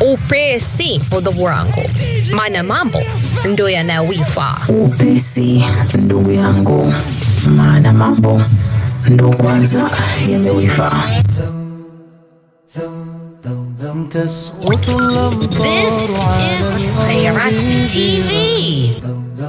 upesi udhovu wangu, maana mambo ndo yanawifa. Upesi ndugu yangu, maana mambo ndo kwanza yamewifa. This is Khayrati TV.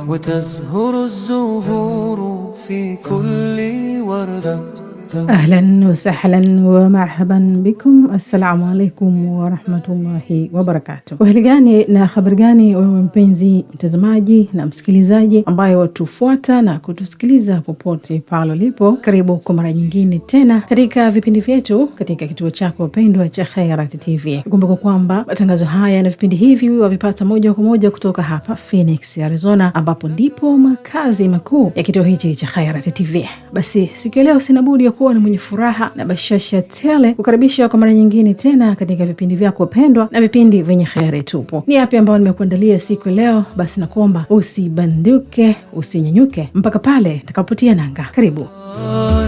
وتزهر الزهور في كل وردة Ahlan wasahlan wamahaban bikum, assalamu alaikum warahmatullahi wabarakatuh. Hali gani na habari gani, wewe mpenzi mtazamaji na msikilizaji ambaye watufuata na kutusikiliza popote pale ulipo, karibu kwa mara nyingine tena katika vipindi vyetu katika kituo chako pendwa cha Khairat TV. Kumbuka kwamba matangazo haya na vipindi hivi wavipata moja kwa moja kutoka hapa Phoenix, Arizona, ambapo ndipo makazi makuu ya kituo hichi cha Khairat TV. Basi siku leo sina budi ya ku kuwa ni mwenye furaha na bashasha tele, kukaribisha kwa mara nyingine tena katika vipindi vyako pendwa na vipindi vyenye heri tupo. Ni yapi ambayo nimekuandalia siku leo? Basi nakuomba usibanduke, usinyanyuke mpaka pale takapotia nanga. Karibu oh,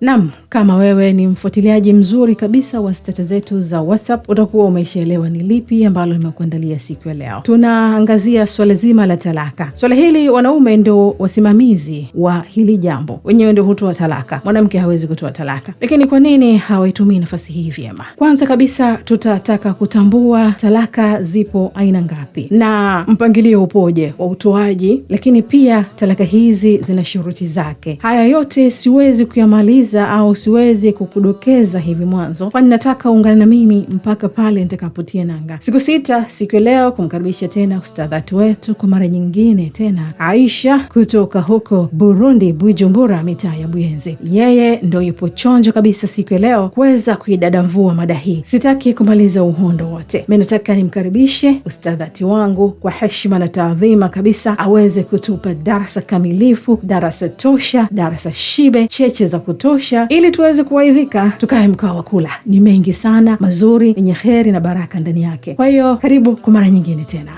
nam kama wewe ni mfuatiliaji mzuri kabisa wa stata zetu za WhatsApp utakuwa umeshaelewa ni lipi ambalo limekuandalia siku ya leo. Tunaangazia swala zima la talaka. Swala hili wanaume ndo wasimamizi wa hili jambo, wenyewe ndio hutoa talaka, mwanamke hawezi kutoa talaka. Lakini kwa nini hawaitumii nafasi hii vyema? Kwanza kabisa tutataka kutambua talaka zipo aina ngapi na mpangilio upoje wa utoaji, lakini pia talaka hizi zina shuruti zake. Haya yote siwezi kuyamaliza kudokeza au siwezi kukudokeza hivi mwanzo, kwani nataka uungane na mimi mpaka pale nitakapotia nanga. Siku sita siku ya leo kumkaribisha tena ustadhati wetu kwa mara nyingine tena, Aisha kutoka huko Burundi, Bujumbura, mitaa ya Buyenzi. Yeye ndo yupo chonjo kabisa siku ya leo kuweza kuidadavua mada hii. Sitaki kumaliza uhondo wote, mi nataka nimkaribishe ustadhati wangu kwa heshima na taadhima kabisa, aweze kutupa darasa kamilifu, darasa tosha, darasa shibe, cheche za kutosha kutosha ili tuweze kuwaidhika, tukae mkao wa kula. Ni mengi sana mazuri yenye heri na baraka ndani yake. Kwa hiyo karibu kwa mara nyingine tena.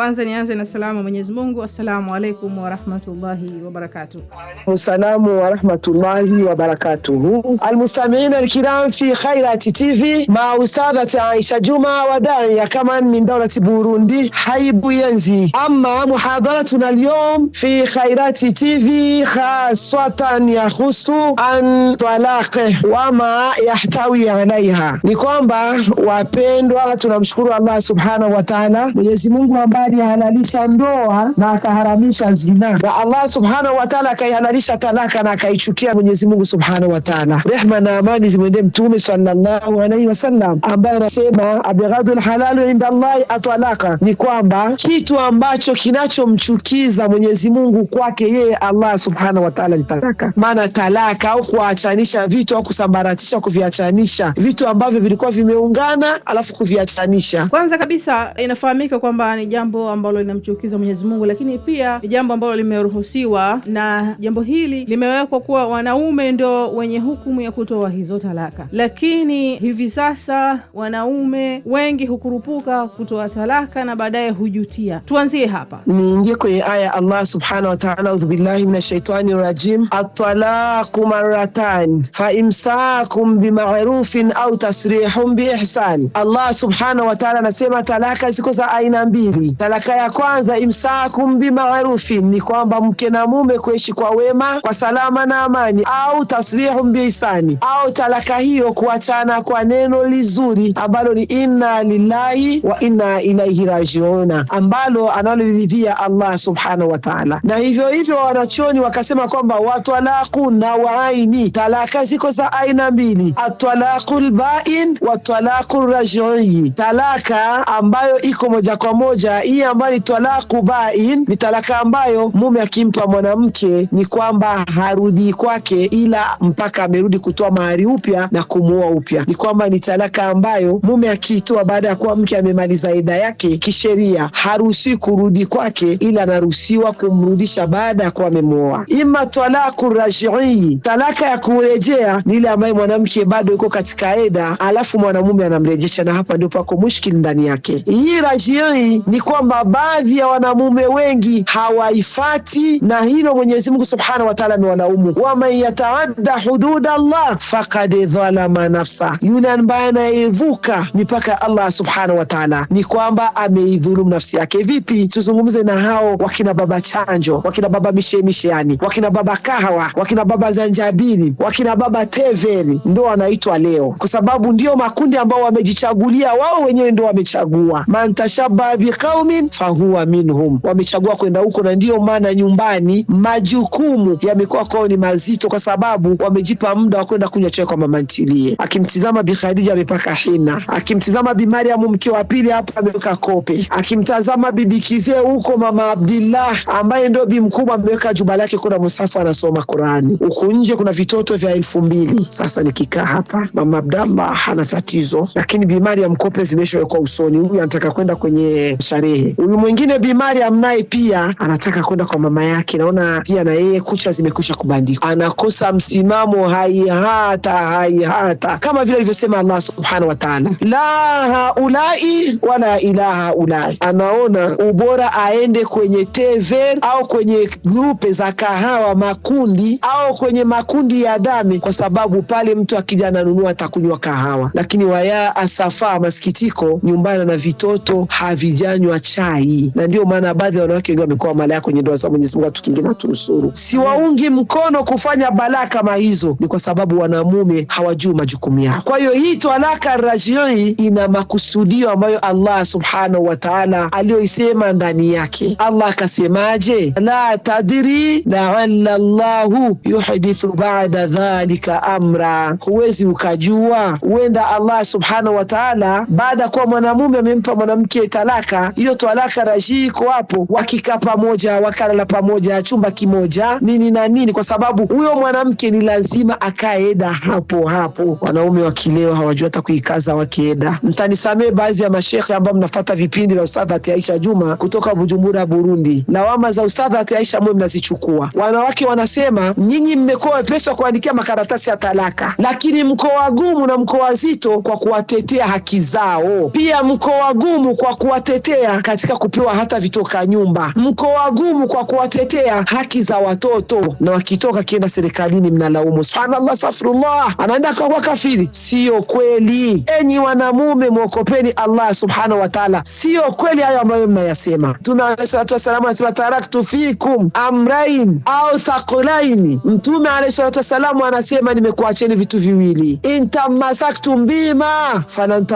Kwanza nianze na salamu Mwenyezi Mungu. Assalamu alaikum warahmatullahi wabarakatuh. Wasalamu warahmatullahi wabarakatuhu. Almustamiina alkiram fi Khairat TV ma ustadhat Aisha Juma wa wadaiya kaman min daulati Burundi haibu yenzi ama muhadaratuna lyom fi Khairat TV khaswatan yahusu an talaq wa ma yahtawi alaiha, ni kwamba wapendwa, tunamshukuru Allah subhanahu wa ta'ala, Mwenyezi Mungu ambaye alihalalisha yaani ndoa na akaharamisha zina, na Allah subhanahu wa ta'ala akaihalalisha talaka na akaichukia Mwenyezi Mungu subhanahu wa ta'ala. Rehma na amani zimwendee Mtume sallallahu alaihi wasallam, ambaye anasema abghadul halalu inda Allahi atalaka, ni kwamba kitu ambacho kinachomchukiza Mwenyezi Mungu kwake yeye Allah subhanahu wa ta'ala ni talaka. Maana talaka au kuachanisha vitu au kusambaratisha, kuviachanisha vitu ambavyo vilikuwa vimeungana alafu kuviachanisha. Kwanza kabisa inafahamika kwamba ni jambo jambo ambalo linamchukiza Mwenyezi Mungu, lakini pia ni jambo ambalo limeruhusiwa, na jambo hili limewekwa kuwa wanaume ndio wenye hukumu ya kutoa hizo talaka. Lakini hivi sasa wanaume wengi hukurupuka kutoa talaka na baadaye hujutia. Tuanzie hapa, niingie kwenye aya Allah subhanahu wa ta'ala, audhu billahi minash shaitani rajim, at-talaqu marratan fa imsakum bima'rufin au tasrihum biihsan. Allah subhanahu wa ta'ala anasema talaka ziko za aina mbili. Baraka ya kwanza imsakum bimarufin, ni kwamba mke na mume kuishi kwa wema, kwa salama na amani, au taslihum biihsani, au talaka hiyo kuachana kwa neno lizuri ambalo ni inna lillahi wa inna ilaihi rajiuna, ambalo analoliridhia Allah subhanahu wa ta'ala. Na hivyo hivyo wanachoni wakasema kwamba watalaqu na waaini, talaka ziko za aina mbili, atalaqul bain wa talaqur raj'i, talaka ambayo iko moja kwa moja hii ambayo ni talaku bain ni talaka ambayo mume akimpa mwanamke ni kwamba harudi kwake, ila mpaka amerudi kutoa mahari upya na kumuoa upya. Ni kwamba ni talaka ambayo mume akiitoa baada ya kuwa mke amemaliza eda yake, kisheria haruhusiwi kurudi kwake, ila anaruhusiwa kumrudisha baada ya kuwa amemuoa. Ima talaku rajii, talaka ya kurejea ni ile ambayo mwanamke bado yuko katika eda, alafu mwanamume anamrejesha, na hapa ndio pako mushkili ndani yake. Hii rajii ni kwa kwamba baadhi ya wanamume wengi hawaifati, na hilo Mwenyezi Mungu Subhanahu wa Ta'ala amewalaumu, waman yataadda hudud Allah faqad dhalama nafsa, yule ambaye anayevuka mipaka ya Allah Subhanahu wa Ta'ala ni kwamba ameidhulumu nafsi yake. Vipi? Tuzungumze na hao wakina baba chanjo, wakina baba mishemishe, yani wakina baba kahawa, wakina baba zanjabili, wakina baba teveli, ndo wanaitwa leo, kwa sababu ndio makundi ambao wamejichagulia wao wenyewe, ndo wamechagua man tashabba biqaumi qaumin fahuwa minhum, wamechagua kwenda huko, na ndiyo maana nyumbani majukumu yamekuwa kwao ni mazito, kwa sababu wamejipa muda wa kwenda kunywa chai kwa mama ntilie. Akimtizama Bi Khadija amepaka hina, akimtizama Bi Mariamu mke wa pili hapa ameweka kope, akimtazama bibi kizee huko mama Abdillah ambaye ndio bi mkubwa ameweka juba lake, kuna msafu anasoma Qurani huku nje, kuna vitoto vya elfu mbili. Sasa nikikaa hapa, mama Abdallah hana tatizo, lakini Bi Mariam kope zimeshawekwa usoni, huyu anataka kwenda kwenye sharehe yeye. Huyu mwingine Bi Mariam naye pia anataka kwenda kwa mama yake, naona pia na yeye kucha zimekusha kubandikwa, anakosa msimamo haihata haihata, kama vile alivyosema Allah subhanahu wa ta'ala, la haulai wala ilaha ulai. Anaona ubora aende kwenye tever au kwenye grupe za kahawa, makundi au kwenye makundi ya dame, kwa sababu pale mtu akija ananunua atakunywa kahawa, lakini waya asafa, masikitiko, nyumbani na vitoto havijanywa chai, na ndio maana baadhi ya wanawake wengi wamekuwa malaya kwenye ndoa zao. Mwenyezi Mungu atukingine atunusuru. Siwaungi mkono kufanya balaa kama hizo, ni kwa sababu wanamume hawajui majukumu yao. Kwa hiyo hii talaka raji'i ina makusudio ambayo Allah subhanahu wa ta'ala aliyoisema ndani yake. Allah akasemaje? la tadri laala llahu yuhdithu ba'da dhalika amra, huwezi ukajua, huenda Allah subhanahu wa ta'ala baada ya kuwa mwanamume amempa mwanamke talaka hiyo watoto alaka raji iko hapo, wakikaa pamoja, wakalala pamoja, chumba kimoja, nini na nini, kwa sababu huyo mwanamke ni lazima akaeda hapo hapo. Wanaume kileo hawajua hata kuikaza wakieda. Mtanisamee baadhi ya mashekhe ambao mnafata vipindi vya Ustadhati Aisha Juma kutoka Bujumbura Burundi, lawama za Ustadhati Aisha mwe mnazichukua. Wanawake wanasema nyinyi mmekuwa wepesi wa kuandikia makaratasi ya talaka, lakini mkoa gumu na mkoa wazito kwa kuwatetea haki zao, pia mkoa gumu kwa kuwatetea katika kupewa hata vitoka nyumba, mko wagumu kwa kuwatetea haki za watoto, na wakitoka kienda serikalini mnalaumu. Subhanallah, astaghfirullah, anaenda kwa kafiri. Siyo kweli, enyi wanamume, mwokopeni Allah subhanahu wa taala. Siyo kweli hayo ambayo mnayasema. Mtume alayhi salatu wasalam anasema taraktu fikum amrain au thaqulaini. Mtume alayhi salatu wasalam anasema nimekuacheni vitu viwili, intamasaktum bima falan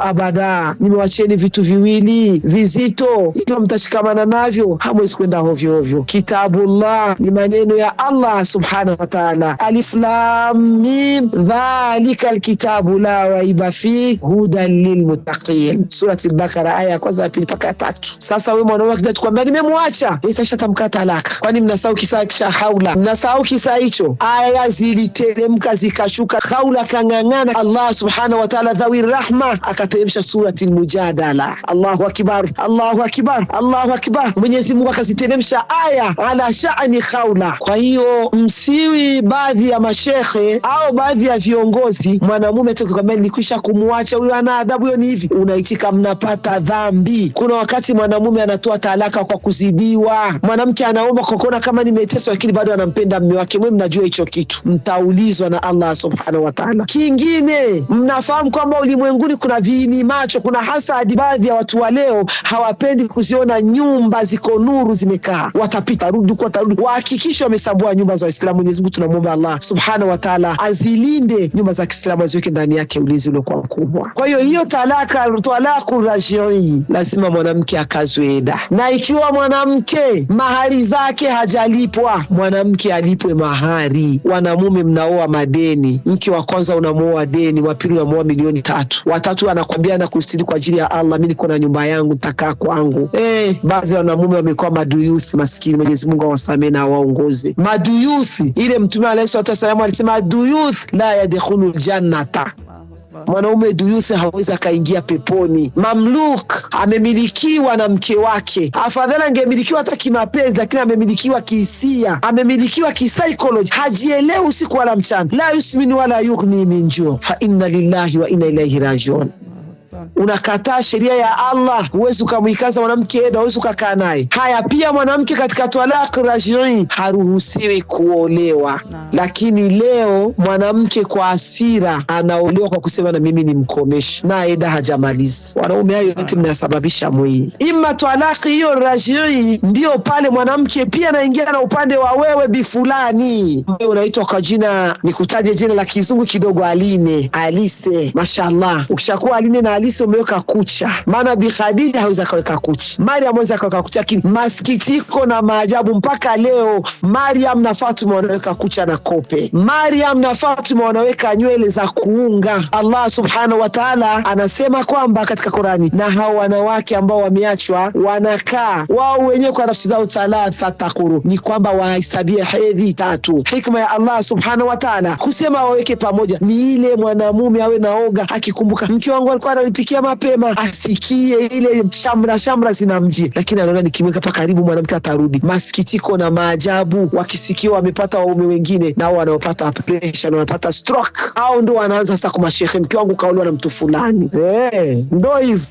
abada, nimewacheni vitu viwili viz vizito, ikiwa mtashikamana navyo hamwezi kwenda hovyo hovyo. Kitabullah ni maneno ya Allah subhanahu wa ta'ala, alif lam mim dhalika alkitabu la raiba fi hudan lilmuttaqin, surati al-Baqara aya ya kwanza ya pili mpaka ya tatu. Sasa wewe mwanaume akija tukwambia nimemwacha, wewe kashatamka talaka, kwani mnasahau kisa cha haula? Mnasahau kisa hicho, aya ziliteremka zikashuka, haula kang'ang'ana. Allah subhanahu wa ta'ala dhawi rahma akateremsha surati al-Mujadala. Allahu akbar! Allahu akbar, Allahu akbar. Mwenyezi Mungu akaziteremsha aya ala shani khaula. Kwa hiyo msiwi baadhi ya mashekhe au baadhi ya viongozi, mwanamume atakwambia nilikwisha kumwacha huyo, ana adabu hiyo, ni hivi unaitika, mnapata dhambi. Kuna wakati mwanamume anatoa talaka kwa kuzidiwa, mwanamke anaomba kwa kuona kama nimeteswa, lakini bado anampenda mume wake. Mwe mnajua hicho kitu, mtaulizwa na Allah subhanahu wa ta'ala. Kingine mnafahamu kwamba ulimwenguni kuna viini macho, kuna hasadi baadhi ya watu wa leo hawapendi kuziona nyumba ziko nuru zimekaa, watapita rudi huko, watarudi, wahakikishe wamesambua nyumba za Waislamu. Mwenyezi Mungu tunamwomba Allah subhanahu wa taala azilinde nyumba za Kiislamu, aziweke ndani yake ulinzi uliokuwa mkubwa. Kwa hiyo hiyo talaka talaku rajii, lazima mwanamke akazwe eda, na ikiwa mwanamke mahari zake hajalipwa, mwanamke alipwe mahari. Wanamume mnaoa madeni, mke wa kwanza unamuoa deni, wa pili unamuoa milioni tatu, watatu anakwambia na kustiri kwa ajili ya Allah, mi niko na nyumba yangu anakaa kwangu. Eh, baadhi ya wanamume wamekuwa maduyuthi maskini, Mwenyezi Mungu awasamee na awaongoze maduyuthi. Ile Mtume alayhi salatu wasalam alisema aduyuth la yadkhulu ljannata Mwanaume duyuthe hawezi akaingia peponi. Mamluk amemilikiwa na mke wake, afadhali angemilikiwa hata kimapenzi, lakini amemilikiwa kihisia, amemilikiwa kisaikolojia, hajielewi usiku wala mchana. la yusminu wala yughni min juu, fa inna lillahi wa inna ilaihi rajiun unakataa sheria ya Allah, huwezi ukamwikaza mwanamke na huwezi ukakaa naye. Haya, pia mwanamke katika talaq raj'i haruhusiwi kuolewa na. Lakini leo mwanamke kwa asira anaolewa kwa kusema na mimi ni mkomeshi na eda hajamaliza. Wanaume, hayo yote mnasababisha mwii ima talaki hiyo rajii, ndiyo pale mwanamke pia anaingia na upande wa wewe bifulani, ambayo unaitwa kwa jina, nikutaje jina la kizungu kidogo, aline alise. Mashallah, ukishakuwa aline na alise Kristo ameweka kucha, maana Bi Khadija hawezi akaweka kucha, Mariam hawezi akaweka kucha, lakini masikitiko na maajabu mpaka leo Mariam na Fatuma wanaweka kucha na kope, Mariam na Fatuma wanaweka nywele za kuunga. Allah subhanahu wa taala anasema kwamba katika Qurani, na hao wanawake ambao wameachwa wanakaa wao wenyewe kwa nafsi zao thalatha takuru, ni kwamba wanahesabia hedhi tatu. Hikma ya Allah subhanahu wa taala kusema waweke pamoja ni ile mwanamume awe naoga akikumbuka mke wangu alikuwa ananipikia kuamkia mapema asikie ile shamra shamra zinamjia, lakini anaona nikimweka pa karibu mwanamke atarudi. Masikitiko na maajabu, wakisikia wamepata waume wengine, nao wanaopata presha wanapata stroke, au ndo wanaanza sasa kumashehe, mke wangu kaolewa na mtu fulani. Hey, eh, ndo hivo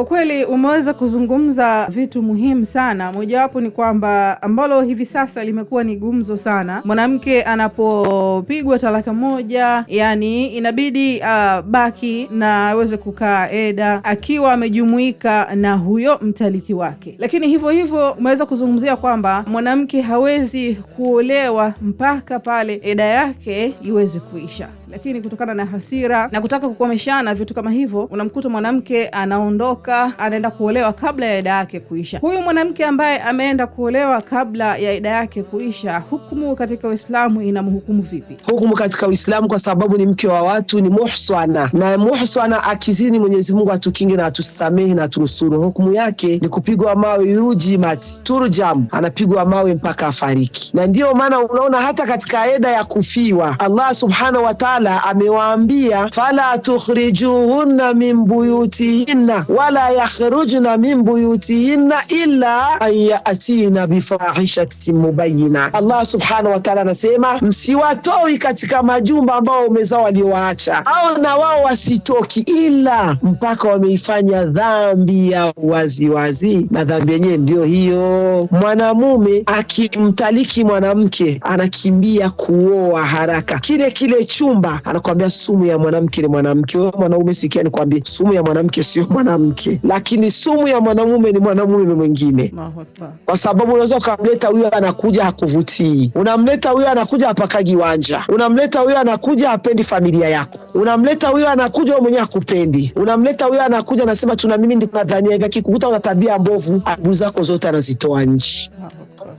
kwa kweli umeweza kuzungumza vitu muhimu sana. Mojawapo ni kwamba ambalo hivi sasa limekuwa ni gumzo sana, mwanamke anapopigwa talaka moja, yani inabidi uh, baki na aweze kukaa eda akiwa amejumuika na huyo mtaliki wake. Lakini hivyo hivyo umeweza kuzungumzia kwamba mwanamke hawezi kuolewa mpaka pale eda yake iweze kuisha lakini kutokana na hasira na kutaka kukomeshana vitu kama hivyo, unamkuta mwanamke anaondoka anaenda kuolewa kabla ya ida yake kuisha. Huyu mwanamke ambaye ameenda kuolewa kabla ya ida yake kuisha, hukumu katika Uislamu inamhukumu vipi? Hukumu katika Uislamu, kwa sababu ni mke wa watu, ni muhswana, na muhswana akizini, Mwenyezi Mungu atukinge na atusamehe na atunusuru. Hukumu yake ni kupigwa mawe, yujimat turjam, anapigwa mawe mpaka afariki. Na ndiyo maana unaona hata katika eda ya kufiwa Allah subhanahu wa ta'ala taala amewaambia fala tukhrijuhunna min buyutihinna wala yakhrujna min buyutihinna illa an yatina bifahishatin mubayina. Allah subhanahu wa taala anasema msiwatoi katika majumba ambao umeza waliowaacha, au na wao wasitoki ila mpaka wameifanya dhambi ya waziwazi, na dhambi yenyewe ndiyo hiyo. Mwanamume akimtaliki mwanamke anakimbia kuoa haraka kile kile chumba kukataa, anakwambia sumu ya mwanamke ni mwanamke. Wewe mwanaume, sikia nikwambie, sumu ya mwanamke sio mwanamke, lakini sumu ya mwanamume ni mwanamume mwingine, kwa sababu unaweza ukamleta huyo, anakuja hakuvutii, unamleta huyo, anakuja apakagi wanja, unamleta huyo, anakuja apendi familia yako, unamleta huyo, anakuja wewe mwenyewe akupendi, unamleta huyo, anakuja anasema tuna mimi ndio nadhania hivi, akikukuta una tabia mbovu, aibu zako zote anazitoa nje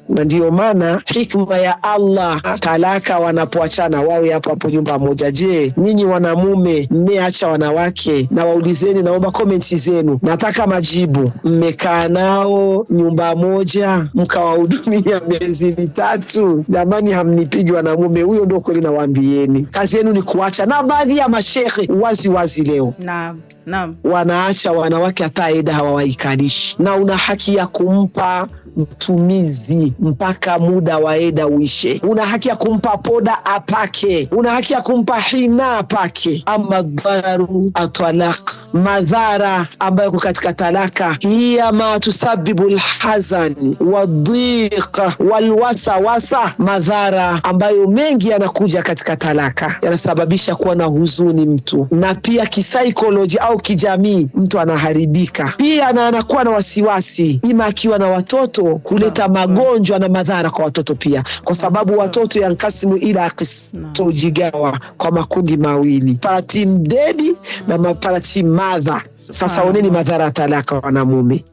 na ndiyo maana hikma ya Allah, talaka wanapoachana wawe hapo hapo nyumba moja shida. Je, nyinyi wanamume mmeacha wanawake? Na waulizeni, naomba komenti zenu, nataka majibu. Mmekaa nao nyumba moja mkawahudumia miezi mitatu? Jamani, hamnipigi wanamume, huyo ndo kweli. Nawaambieni kazi yenu ni kuacha, na baadhi ya mashehe wazi wazi leo na, na, wanaacha wanawake hata eda hawawaikalishi, na una haki ya kumpa mtumizi mpaka muda wa eda uishe. Una haki ya kumpa poda apake, una haki ya kumpa hina apake. Ama dharu atalaq, madhara ambayo yako katika talaka, hiya ma tusabibu lhazani wadhiqa walwasawasa, madhara ambayo mengi yanakuja katika talaka, yanasababisha kuwa na huzuni mtu, na pia kisikoloji au kijamii, mtu anaharibika pia na anakuwa na wasiwasi, ima akiwa na watoto watoto kuleta magonjwa na madhara kwa watoto pia, kwa sababu watoto yankasimu ila akistojigawa kwa makundi mawili, paratim dedi na maparatim madha. Sasa oneni madhara ya talaka wanamume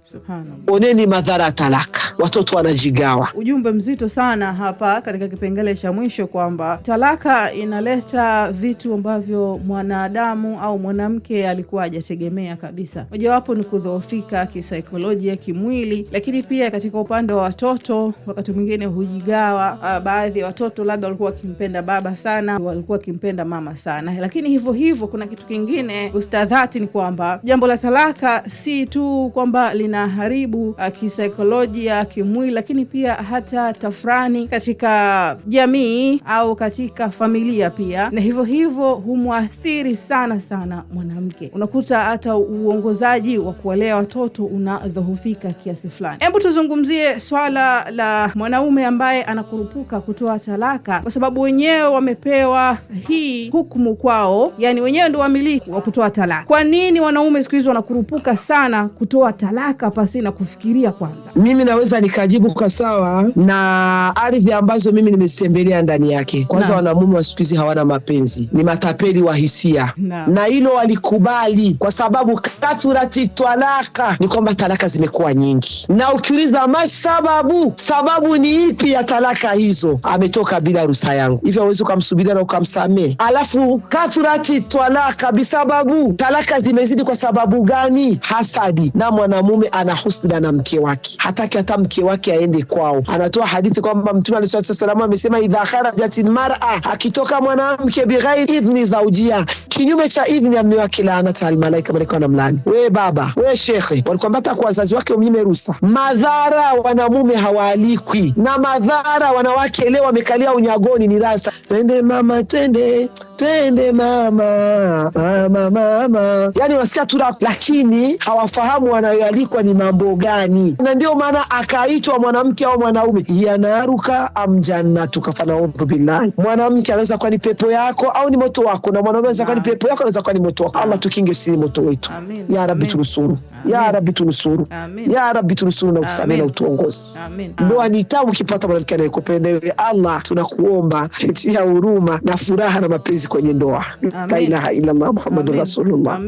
Oneni madhara ya talaka, watoto wanajigawa. Ujumbe mzito sana hapa katika kipengele cha mwisho kwamba talaka inaleta vitu ambavyo mwanadamu au mwanamke alikuwa hajategemea kabisa. Mojawapo ni kudhoofika kisaikolojia, kimwili, lakini pia katika upande wa watoto, wakati mwingine hujigawa. Ah, baadhi ya watoto labda walikuwa wakimpenda baba sana, walikuwa wakimpenda mama sana. Lakini hivyo hivyo, kuna kitu kingine ustadhati, ni kwamba jambo la talaka si tu kwamba lina inaharibu ah, kisaikolojia, kimwili, lakini pia hata tafrani katika jamii au katika familia pia, na hivyo hivyo humwathiri sana sana mwanamke. Unakuta hata uongozaji wa kuwalea watoto unadhoofika kiasi fulani. Hebu tuzungumzie swala la mwanaume ambaye anakurupuka kutoa talaka, kwa sababu wenyewe wamepewa hii hukumu kwao, yani wenyewe ndio wamiliki wa kutoa talaka. Kwa nini wanaume siku hizi wanakurupuka sana kutoa talaka? kukaa pasi na kufikiria kwanza. Mimi naweza nikajibu kwa sawa na ardhi ambazo mimi nimezitembelea ndani yake. Kwanza wanamume wa siku hizi hawana mapenzi, ni matapeli wa hisia na, na hilo walikubali kwa sababu kathurati twalaka, ni kwamba talaka zimekuwa nyingi, na ukiuliza masababu, sababu ni ipi ya talaka hizo? Ametoka bila ruhusa yangu, hivyo awezi ukamsubiria na ukamsamehe. Alafu kathurati twalaka bisababu, talaka zimezidi kwa sababu gani? Hasadi na mwanamume ana husda na mke wake, hataki hata mke wake aende kwao. Anatoa hadithi kwamba Mtume alayhi salatu wasalam amesema, idha kharajat almar'a, akitoka mwanamke bighairi idhni zaujia, kinyume cha idhni ya mme wake, laanata almalaika, malaika wanamlani. We baba, we shekhe, walikwamba hata kwa wazazi wake wamnyime ruhusa. Madhara wanamume hawaalikwi na madhara wanawake leo wamekalia unyagoni, ni rasa. twende mama, twende twende mama, mama, mama, yani wasikia tu, lakini hawafahamu wanayoalikwa ni mambo gani? Na ndio maana akaitwa mwanamke au mwanaume, yanaruka amjanna tukafana udhu billahi. Mwanamke anaweza kuwa ni pepo yako au ni moto wako, na mwanaume anaweza kuwa ni pepo yako, anaweza kuwa ni moto wako. Allah, tukinge sisi moto wetu. Ya Rabbi tunusuru, ya Rabbi tunusuru, ya Rabbi tunusuru na utusamehe na utuongozi. Ndoa ni tamu ukipata mwanamke anayekupenda wewe. Allah, tunakuomba tia huruma na furaha na mapenzi kwenye ndoa. La ilaha illa Allah Muhammadur Rasulullah.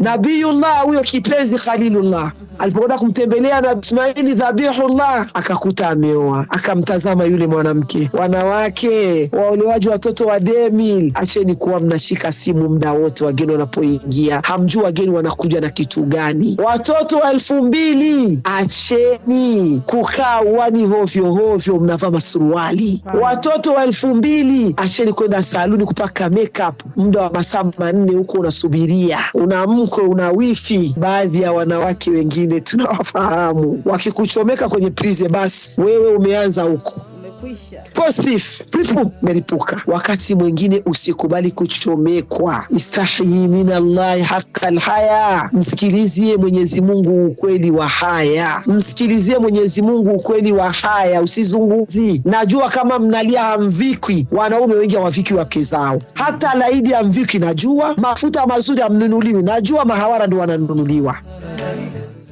Nabiyullah huyo kipenzi Khalilullah. Mhm alipokwenda kumtembelea na Ismaili Dhabihullah akakuta ameoa, akamtazama yule mwanamke. Wanawake waolewaji watoto wa demi, acheni kuwa mnashika simu mda wote wageni wanapoingia, hamjui wageni wanakuja na kitu gani. Watoto wa elfu mbili, acheni kukaa uwani hovyohovyo mnavaa masuruali. Watoto wa elfu mbili, acheni kwenda saluni kupaka makeup muda wa masaa manne, huko unasubiria una mkwe una wifi. Baadhi ya wanawake wengine tunawafahamu. Wakikuchomeka kwenye prize, basi wewe umeanza huko meripuka Wakati mwingine usikubali kuchomekwa, istahyi min Allahi haka lhaya, msikilizie Mwenyezi Mungu ukweli wa haya, msikilizie Mwenyezi Mungu ukweli wa haya, usizungumzi. Najua kama mnalia hamvikwi, wanaume wengi hawavikwi wake zao, hata laidi hamvikwi. Najua mafuta mazuri hamnunuliwi, najua mahawara ndo wananunuliwa.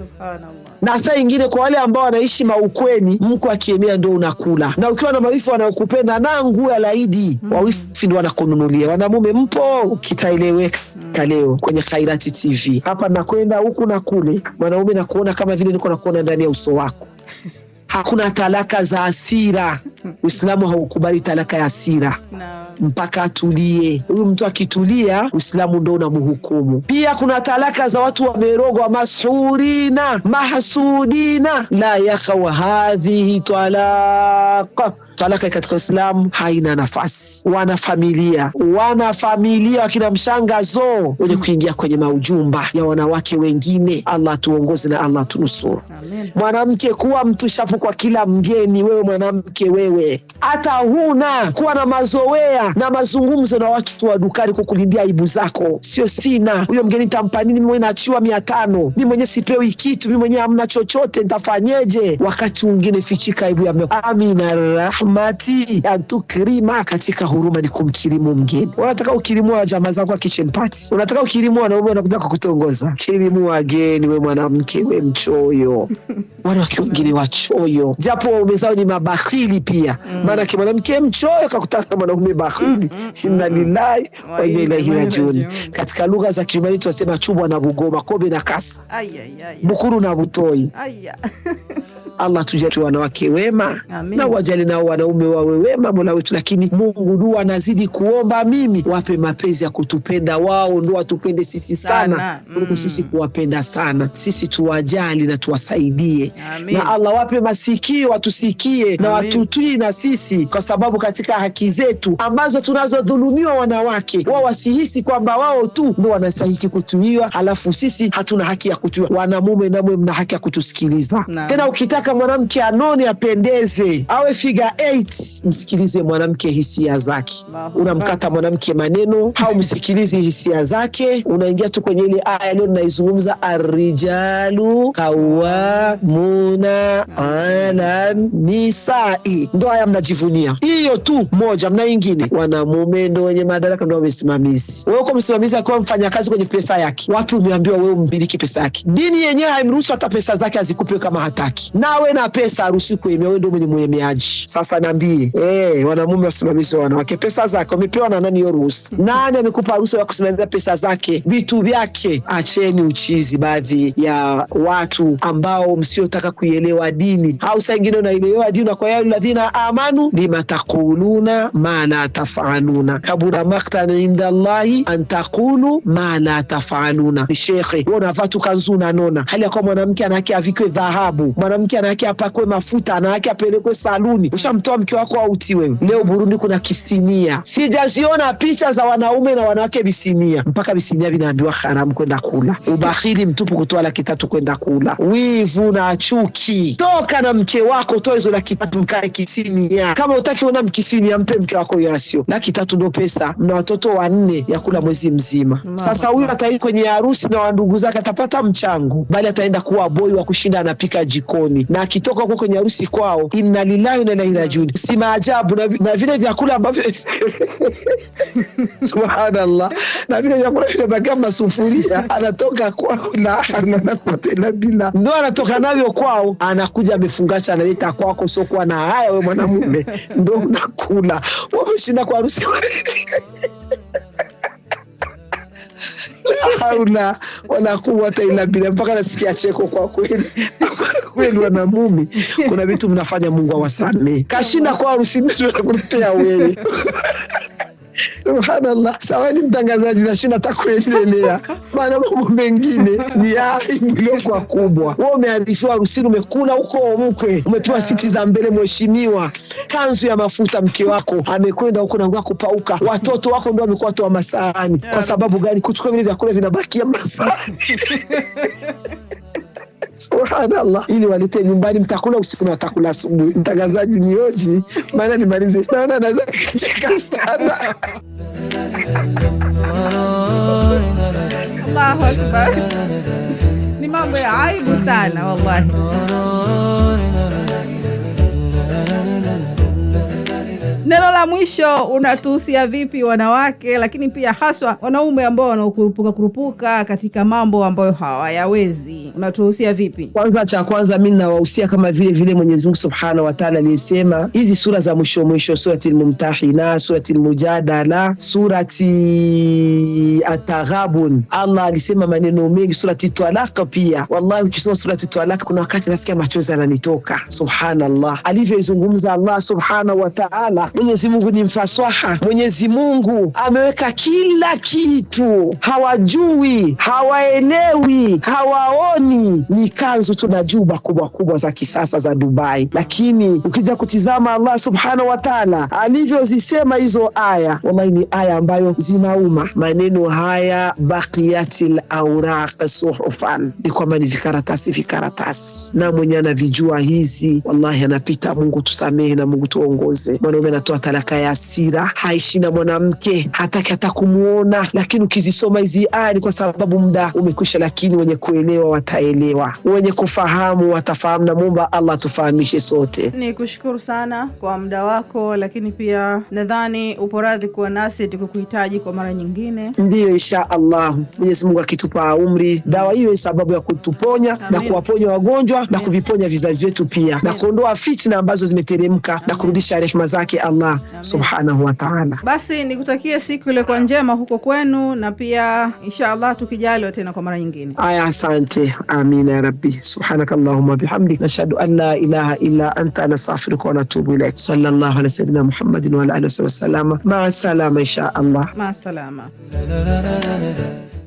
Subhanallah. Na saa ingine kwa wale ambao wanaishi maukweni, mko akiemea ndo unakula, na ukiwa na mawifu wanaokupenda na nguo ya laidi mm. Wawifu ndo wanakununulia. Wanamume mpo, kitaeleweka mm. Leo kwenye Khairati TV hapa nakwenda huku na kule, mwanaume nakuona kama vile niko nakuona ndani ya uso wako. Hakuna talaka za asira Uislamu haukubali talaka ya hasira mpaka atulie. Huyu mtu akitulia, Uislamu ndo unamhukumu. Pia kuna talaka za watu wamerogwa, masurina mahsudina, la yakhaw hadhihi talaka Talaka katika Uislamu haina nafasi. Wanafamilia, wanafamilia wakina mshangazo wenye kuingia kwenye maujumba ya wanawake wengine. Allah tuongoze na Allah tunusuru. Mwanamke, kuwa mtu shapu kwa kila mgeni. Wewe mwanamke, wewe hata huna kuwa na mazoea na mazungumzo na watu wa dukani kukulindia aibu zako, sio sina huyo mgeni tampa nini? Mimi naachiwa mia tano, mi mwenyewe sipewi kitu, mi mwenyewe hamna chochote, ntafanyeje Wakati mwingine fichika aibu ya Amina rahma hurmati antukrima, katika huruma ni kumkirimu mgeni. Unataka wa jamaa zako kitchen party, unataka ukirimua wanaume wanakuja kukutongoza. Kirimu wageni, we mwanamke, we mchoyo wanawake wengine wachoyo, japo waume zao ni mabakhili pia. Mm. Maanake mwanamke mchoyo kakutana na mwanaume bakhili. Mm, mm, inna lillahi wa inna ilaihi rajiun. Katika lugha za Kinyumbani tunasema chubwa na bugoma, kobe na kasa, bukuru na butoi. Allah tujalie wanawake wema Amin. na wajalie nao wanaume wawe wema, Mola wetu. Lakini Mungu du anazidi kuomba, mimi wape mapenzi ya kutupenda wao, ndo watupende sisi sana, sana. Mm. sisi kuwapenda sana sisi, tuwajali na tuwasaidie Amin. na Allah wape masikio watusikie na watutii na sisi, kwa sababu katika haki zetu ambazo tunazodhulumiwa wanawake, wao wasihisi kwamba wao tu ndo wanastahiki kutuiwa, halafu sisi hatuna haki ya kutuiwa. Wanamume namwe mna haki ya kutusikiliza tena ukitaka anataka mwanamke anone, apendeze, awe figa 8. Msikilize mwanamke hisia zake, unamkata mwanamke maneno, haumsikilizi hisia zake, unaingia tu kwenye ile aya leo naizungumza arrijalu qawwamuna ala nisai. Ndo haya mnajivunia, hiyo tu moja. Mna ingine, wanamume ndo wenye madaraka, ndo wamesimamizi. Wewe uko msimamizi akiwa mfanyakazi kwenye pesa yake, wapi umeambiwa wewe umiliki pesa yake? Dini yenyewe haimruhusu hata pesa zake azikupe kama hataki na awe na pesa aruhusiwi kuemea, wewe ndio mwenye mwemeaji. Sasa niambie, eh, wanamume wasimamizi wa wanawake, pesa zake umepewa na nani hiyo ruhusa? Mm-hmm. Nani amekupa ruhusa ya kusimamia pesa zake, vitu vyake? Acheni uchizi, baadhi ya watu ambao msiotaka kuielewa dini, au saa ingine unaielewa dini na kwa yale ladhina amanu lima taquluna ma la tafaluna, kabura maktan inda llahi an taqulu ma la tafaluna. Shekhe, wewe unavaa tu kanzu unanona, hali ya kuwa mwanamke anake avikwe dhahabu, mwanamke anawake apakwe mafuta, anawake apelekwe saluni. Ushamtoa mke wako auti wewe. Leo Burundi kuna kisinia, sijaziona picha za wanaume na wanawake visinia, mpaka visinia vinaambiwa haramu kwenda kula. Ubahili mtupu, kutoa laki tatu kwenda kula. Wivu na chuki, toka na mke wako, toa hizo laki tatu mkae kisinia. Kama utaki ona mkisinia, mpe mke wako yasio laki tatu, ndo pesa. Mna watoto wanne ya kula mwezi mzima. Sasa huyu atai kwenye harusi na wandugu zake atapata mchango, bali ataenda kuwa boi wa kushinda anapika jikoni na akitoka huko kwenye harusi kwao, inna lillahi na ilahi rajiun. Si maajabu na, na vile vyakula ambavyo subhanallah, na vile vyakula vinabakia sufuria anatoka kwao na anakwatena bila ndo anatoka navyo kwao, anakuja amefungasha, analeta kwako, sokuwa na haya, we mwanamume ndo unakula, wameshinda kwa harusi hauna wanakuwa hata inabila mpaka nasikia cheko kwa kweli kweli wanamumi kuna vitu mnafanya mungu awasamee kashinda kwa harusi nakuletea wewe Subhanallah, sawani mtangazaji, nashinda hata kuendelea, maana mambo mengine ni aibu iliyokuwa kubwa. Wewe umearifiwa harusini, umekula huko mkwe, umepewa siti za mbele, mheshimiwa, kanzu ya mafuta, mke wako amekwenda huko na kupauka, watoto wako ndio wamekuwa toa masahani. Kwa sababu gani? Kuchukua vile vyakula vinabakia masahani subhanallah, ili walete nyumbani, mtakula usiku na mtakula asubuhi. Mtangazaji nioji, maana nimalize, naona naweza kacheka sana. Allahu akbar, ni mambo ya aibu sana wallahi. Neno la mwisho, unatuhusia vipi wanawake, lakini pia haswa wanaume ambao wanaokurupuka kurupuka katika mambo ambayo hawayawezi, unatuhusia vipi? Kwanza, cha kwanza mi nawahusia kama vile vile Mwenyezi Mungu subhanahu wa taala aliyesema hizi sura za mwisho mwisho, surati lmumtahina, surati lmujadala, surati ataghabun. Allah alisema maneno mengi, surati talaka pia. Wallahi, ukisoma surati talaka kuna wakati nasikia machozi ananitoka, subhanallah alivyoizungumza Allah subhanahu wataala Mwenyezi Mungu ni mfaswaha. Mwenyezi Mungu ameweka kila kitu, hawajui, hawaelewi, hawaoni. Ni kanzu tuna juba kubwa kubwa za kisasa za Dubai, lakini ukija kutizama Allah subhanahu wa taala alivyozisema hizo aya, wallahi ni aya ambayo zinauma. Maneno haya baqiyatil awraq suhufan, ni kwamba ni vikaratasi vikaratasi, na mwenye anavijua hizi wallahi anapita. Mungu tusamehe na Mungu tuongoze. Mwanaume mtoto atalaka ya asira haishi na mwanamke, hataki hata kumwona. Lakini ukizisoma hizi aya, ni kwa sababu muda umekwisha, lakini wenye kuelewa wataelewa, wenye kufahamu watafahamu, na muomba Allah tufahamishe sote. Ni kushukuru sana kwa muda wako, lakini pia nadhani upo radhi kuwa nasi tukukuhitaji kwa mara nyingine. Ndiyo, insha Allah, Mwenyezi Mungu akitupa umri, dawa hiyo sababu ya kutuponya Amin. na kuwaponya wagonjwa Amin. na kuviponya vizazi vyetu pia Amin. na kuondoa fitna ambazo zimeteremka na kurudisha rehema zake Allah Allah Amin. subhanahu wataala. ta'ala. Basi nikutakie siku ile kwa njema huko kwenu, na pia insha Allah tukijaliwa tena kwa mara nyingine. Aya, asante. Amina ya rabbi, subhanaka allahumma bihamdik nashhadu an la ilaha illa anta nastaghfiruka wa natubu ilaik. Sallallahu ala sayidina Muhammadin wa ala alihi wasallam. Ma salama, insha Allah. Ma salama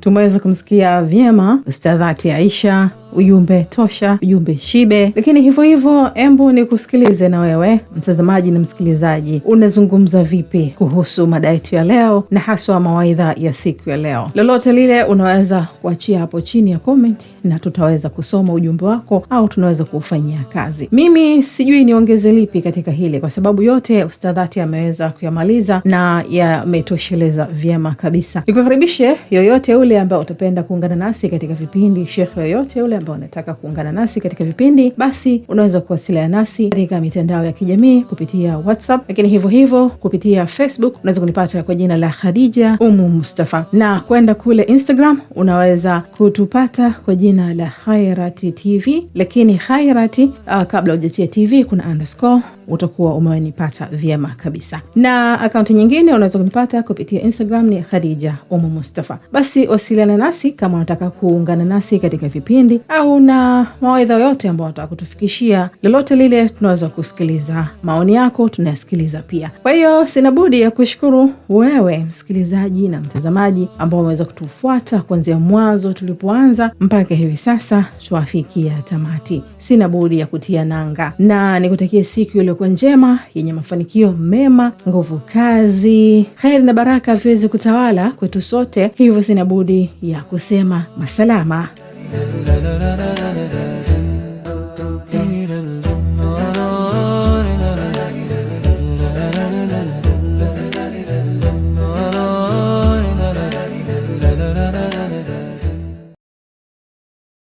tumeweza kumsikia vyema Ustadhati Aisha, ujumbe tosha, ujumbe shibe. Lakini hivyo hivyo, embu ni kusikilize na wewe mtazamaji na msikilizaji, unazungumza vipi kuhusu mada yetu ya leo na haswa mawaidha ya siku ya leo? Lolote lile unaweza kuachia hapo chini ya komenti, na tutaweza kusoma ujumbe wako au tunaweza kuufanyia kazi. Mimi sijui niongeze lipi katika hili, kwa sababu yote Ustadhati ameweza kuyamaliza na yametosheleza vyema kabisa. Nikukaribishe yoyote ule wale ambao utapenda kuungana nasi katika vipindi, shekhe yoyote yule ambao unataka kuungana nasi katika vipindi, basi unaweza kuwasiliana nasi katika mitandao ya kijamii kupitia WhatsApp, lakini hivyo hivyo kupitia Facebook unaweza kunipata kwa jina la Khadija Umu Mustafa, na kwenda kule Instagram unaweza kutupata kwa jina la Khairati TV, lakini Khairati uh, kabla hujatia TV kuna underscore utakuwa umewanipata vyema kabisa. Na akaunti nyingine unaweza kunipata kupitia Instagram ni Khadija Umu Mustafa. Basi wasiliana nasi kama unataka kuungana nasi katika vipindi au na mawaidha yote ambayo unataka kutufikishia, lolote lile tunaweza kusikiliza. Maoni yako tunayasikiliza pia. Kwa hiyo sina budi ya kushukuru wewe msikilizaji na mtazamaji ambao umeweza kutufuata kuanzia mwanzo tulipoanza mpaka hivi sasa tuafikia tamati. Sina budi ya kutia nanga na nikutakie siku ile iliyokuwa njema yenye mafanikio mema, nguvu kazi, heri na baraka viweze kutawala kwetu sote. Hivyo sina budi ya kusema masalama.